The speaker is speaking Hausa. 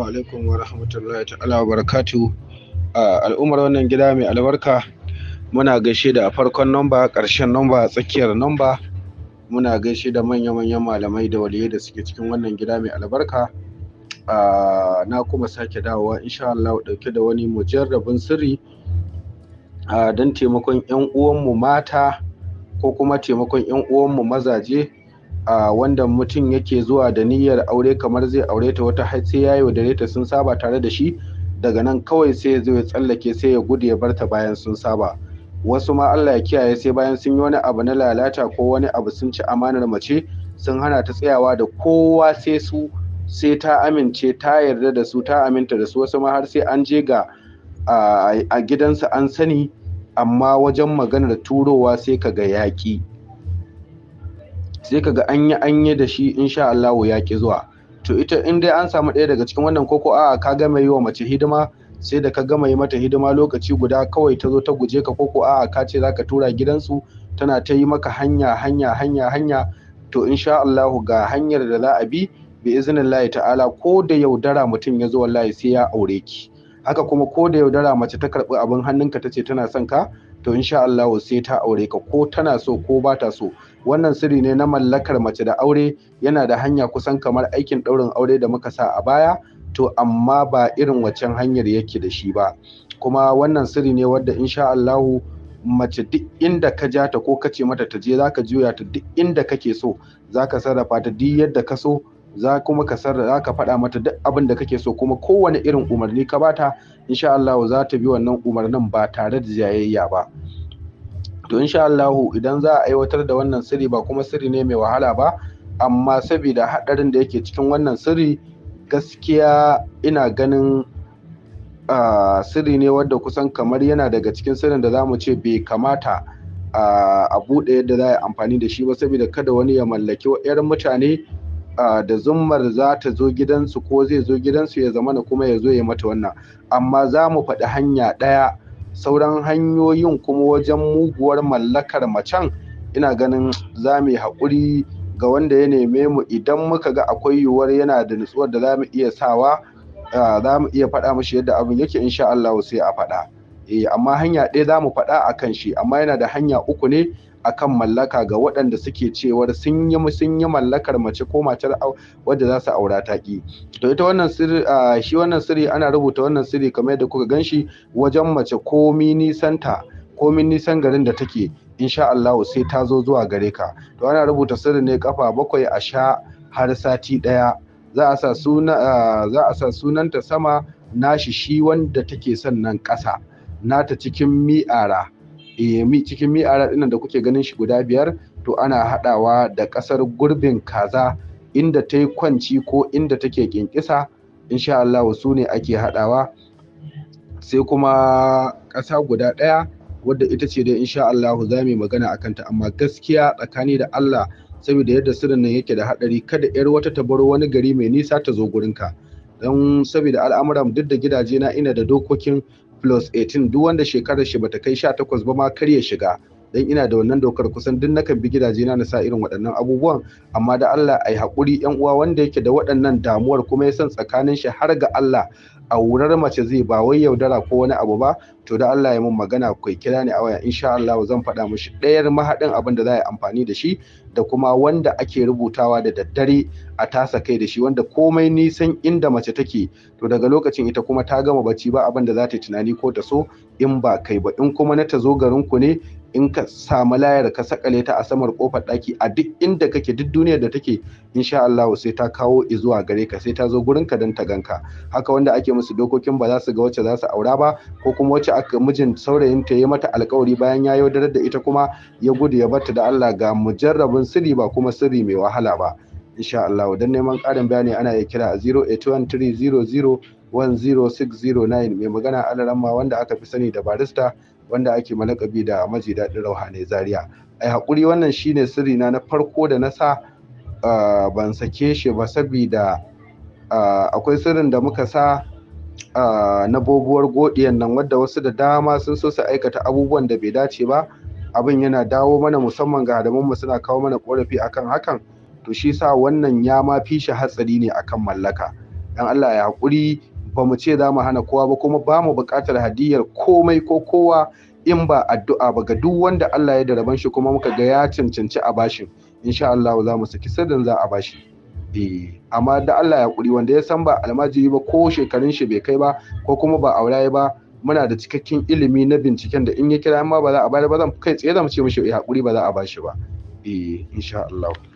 Assalamu alaikum wa rahmatullahi ta'ala wa barakatuhu. Al'ummar wannan gida mai albarka muna gaishe da farkon namba, ƙarshen namba, tsakiyar namba. Muna gaishe da manya-manyan malamai da waliyai da suke cikin wannan gida mai albarka. Na kuma sake dawowa insha Allah ɗauke da wani mujarrabin sirri don taimakon 'yan uwanmu mata ko kuma taimakon 'yan uwanmu mazaje a wanda mutum yake zuwa da niyyar aure kamar zai aure ta wata har sai ya yaudare ta sun saba tare da shi daga nan kawai sai ya zo ya tsallake sai ya gudu ya barta bayan sun saba wasu ma Allah ya kiyaye sai bayan sun yi wani abu na lalata ko wani abu sun ci amanar mace sun hana ta tsayawa da kowa sai su sai ta amince ta yarda da su ta aminta da su wasu ma har sai an je ga a gidansa an sani amma wajen maganar turowa sai ka ga yaƙi sai kaga an yi an yi da shi insha Allah ya ki zuwa to ita in dai an samu ɗaya daga cikin wannan koko a'a ka gama yi wa mace hidima sai da ka gama yi mata hidima lokaci guda kawai ta zo ta guje ka koko a'a ka ce zaka tura gidansu tana ta yi maka hanya hanya hanya hanya to insha Allah ga hanyar da za a bi bi iznillahi ta'ala ko da yaudara mutum ya zo wallahi sai ya aure ki haka kuma ko da yaudara mace ta karbi abin hannunka ta ce tana son ka to insha Allah sai ta aure ka ko tana so ko ba ta so wannan sirri ne na mallakar mace da aure yana da hanya kusan kamar aikin ɗaurin aure da muka sa a baya to amma ba irin waccan hanyar yake da shi ba kuma wannan sirri ne wadda insha Allah mace duk inda ka ja ta ko ka ce mata ta je zaka juya ta duk inda kake so zaka sarrafa ta duk yadda ka so za kuma ka sarra za ka faɗa mata duk abin da kake so kuma kowane irin umarni ka bata insha Allah za ta bi wannan umarnin ba tare da jayayya ba to insha Allah idan za a aiwatar da wannan sirri ba kuma sirri ne mai wahala ba amma saboda haɗarin da yake cikin wannan sirri gaskiya ina ganin uh, sirri ne wadda kusan kamar yana daga cikin sirrin da za mu ce bai kamata uh, a buɗe yadda za a yi amfani da shi ba saboda kada wani ya mallaki 'yar mutane da zummar za ta zo gidansu ko zai zo gidansu ya na kuma ya zo ya mata wannan amma za mu faɗi hanya ɗaya sauran hanyoyin kuma wajen muguwar mallakar macen ina ganin za mu yi haƙuri ga wanda ya neme mu idan muka ga akwai yiwuwar yana da nutsuwar da za mu iya sawa za mu iya faɗa mashi yadda abin yake insha Allah sai a faɗa. eh amma hanya ɗaya za mu faɗa a kan shi amma yana da hanya uku ne akan mallaka ga waɗanda suke cewar sun yi sun yi mallakar mace ko matar wadda za su aura ta ki to ita wannan sirri shi wannan sirri ana rubuta wannan sirri kamar yadda kuka gan shi wajen mace komi nisanta nisan garin da take insha Allah sai ta zo zuwa gare ka to ana rubuta sirri ne kafa bakwai a sha har sati ɗaya za a sa suna za a sa sunanta sama nashi shi wanda take son nan ƙasa nata cikin mi'ara e, mi cikin mi'ara ɗinnan da kuke ganin shi guda biyar to ana haɗawa da ƙasar gurbin kaza inda ta yi kwanci ko inda take ƙinƙisa insha Allah su ne ake haɗawa sai kuma ƙasa guda ɗaya wadda ita ce dai insha Allah za mu magana a kanta amma gaskiya tsakani da Allah saboda yadda sirrin nan yake da haɗari kada yar wata ta bar wani gari mai nisa ta zo gurinka don saboda al'amuran duk da gidaje na ina da dokokin plus 18 duk wanda shekarar shi bata kai 18 ba ma kar ya shiga dan ina da wannan dokar kusan duk nakan bi gidaje na sa irin waɗannan abubuwan amma da Allah ai hakuri, yan uwa wanda yake da waɗannan damuwar kuma ya san tsakanin shi har ga Allah a wurar mace zai ba wai yaudara ko wani abu ba to da Allah ya mun magana kai kira ne a waya insha Allah zan faɗa mushi ɗayar mahaɗin abin da za a amfani da shi da kuma wanda ake rubutawa da daddare a tasa kai da shi wanda komai nisan inda mace take to daga lokacin ita kuma ta gama bacci ba abin da za ta yi tunani ko ta so in ba kai ba in kuma na ta zo garin ku ne in ka samu layar ka sakale ta a samar kofar ɗaki a duk inda kake duk duniyar da take insha Allah sai ta kawo izuwa gare ka sai ta zo gurin ka don ta ganka haka wanda ake musu dokokin ba za su ga wacce za su aura ba ko kuma wacce aka mijin saurayin ta yi mata alkawari bayan ya yaudarar da ita kuma ya gudu ya barta da Allah ga mujarrabin sirri ba kuma sirri mai wahala ba insha Allah don neman ƙarin bayani ana iya kira a 081300 10609 mai magana alaramma wanda aka fi sani da barista wanda ake malakabi da maji daɗin rauhanai zaria ai haƙuri wannan shine sirri na na farko da na sa ah, ban sake shi ba saboda ah, akwai sirrin da muka sa ah, na bobuwar godiyan nan wadda wasu da dama sun so su aikata abubuwan da bai dace ba abin yana dawo mana musamman ga mu suna kawo mana korafi akan hakan to shi sa wannan ya ma fi shi hatsari ne akan mallaka dan Allah ya haƙuri ba mu ce za mu hana kowa ba kuma ba mu buƙatar hadiyar komai ko kowa in ba addu'a ba ga duk wanda Allah ya daraban shi kuma muka ga ya cancanci a bashin insha Allah za mu saki sirrin za a bashi eh amma da Allah ya kuri wanda ya san ba almajiri ba ko shekarun shi bai kai ba ko kuma ba auraye ba muna da cikakken ilimi na binciken da in ya kira ma ba za a bayar ba zan kai tsaye da mu ce mishi ya eh, hakuri ba za a bashi ba eh insha Allah